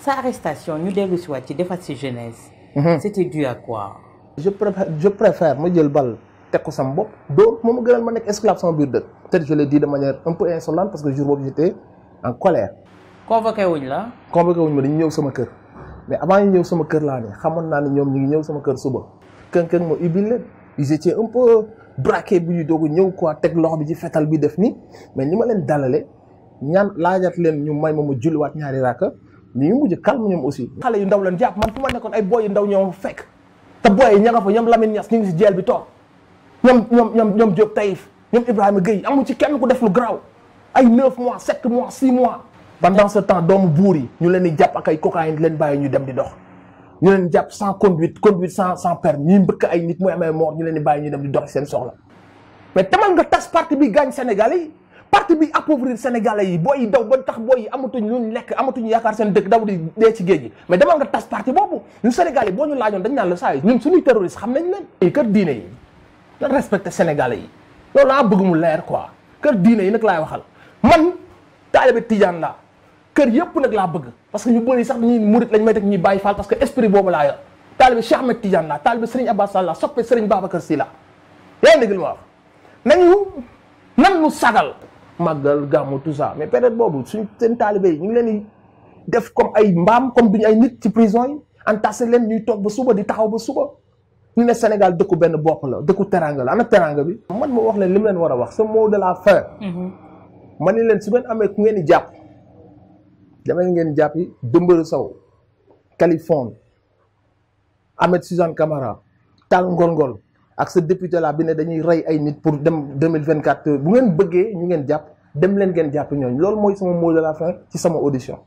sa arrestation ñu dellu si ci defar si jeunesse. Mhm. c'était dû à quoi. je préfère ma jël bal teg ko sama bopp dóor moo ma gënal ma nekk esclave sama biir dëkk. peut-être je l'ai dit de manière un peu insolente parce que jour boobu j'étais en colère. convoqué wuñ la. convoqué wuñ ma dañu ñëw sama kër mais avant ñu ñëw sama kër laa ne xamoon naa ne ñoom ñu ngi ñëw sama kër suba. kën kën moo ubbi leen ils un peu braqué bu ñu doog ñëw quoi teg loxo bi ci fetal bi def nii mais ni ma leen dalale. ñaan laajat leen ñu may ma ma julliwaat ñaari raaka ñu ngi mujj calme ñoom aussi. xale yu ndaw leen jàpp man fu ma nekkoon ay booy yu ndaw ñoom fekk te booy yi ña fa ñoom Lamine Niass ñu si jeel bi toog ñoom ñoom ñoom ñoom Diop Taïf ñoom amu ci kenn ku def lu garaaw ay 9 mois 7 mois 6 mois. pendant ñu leen di jàpp ak di dox ñu leen jàpp sans mbëkk ay nit muy amee moor ñu leen di bàyyi ñu dem di dox seen soxla mais tamal nga tas parti bi gaañ Sénégal parti bi appauvrir sénégalais yi booy daw ba tax booy amatuñ lu ñu lekk amatuñ yaakaar seen dëkk daw di dee ci géej gi mais demal nga tas parti boobu ñun sénégalais yi boo ñu loolu laa bëgg mu leer quoi kër diine yi nag laay waxal man taalibe tijaan laa kër yëpp nag laa bëgg parce que ñu bëri sax dañuy murit lañ may ñuy bàyyi faal parce que esprit boobu laa yor taalibe Cheikh Ahmed Tidiane laa taalibe Serigne Abbas Sall laa soppe Serigne Babacar Sy lu sagal màggal gàmmu tout ça mais période boobu suñ seen taalibe yi ñu ngi leen def comme ay mbaam comme duñu ay nit ci prison yi entassé leen ñuy toog ba suba di taxaw ba suba ñu ne Sénégal dëkku benn bopp la dëkku teranga la ana teranga bi man ma wax leen li mu leen war a wax sa mot de la fin mm-hmm. ma ni leen su ngeen amee ku ngeen di jàpp damay ngeen jàpp yi Dëmbëru Sow Kalifone Ahmed Suzanne Camara Tall Ngolngol ak sa député la bi ne dañuy rey ay nit pour dem 2024 bu ngeen bëggee ñu ngeen jàpp dem leen ngeen jàpp ñooñu loolu mooy sama mot de la fin ci sama audition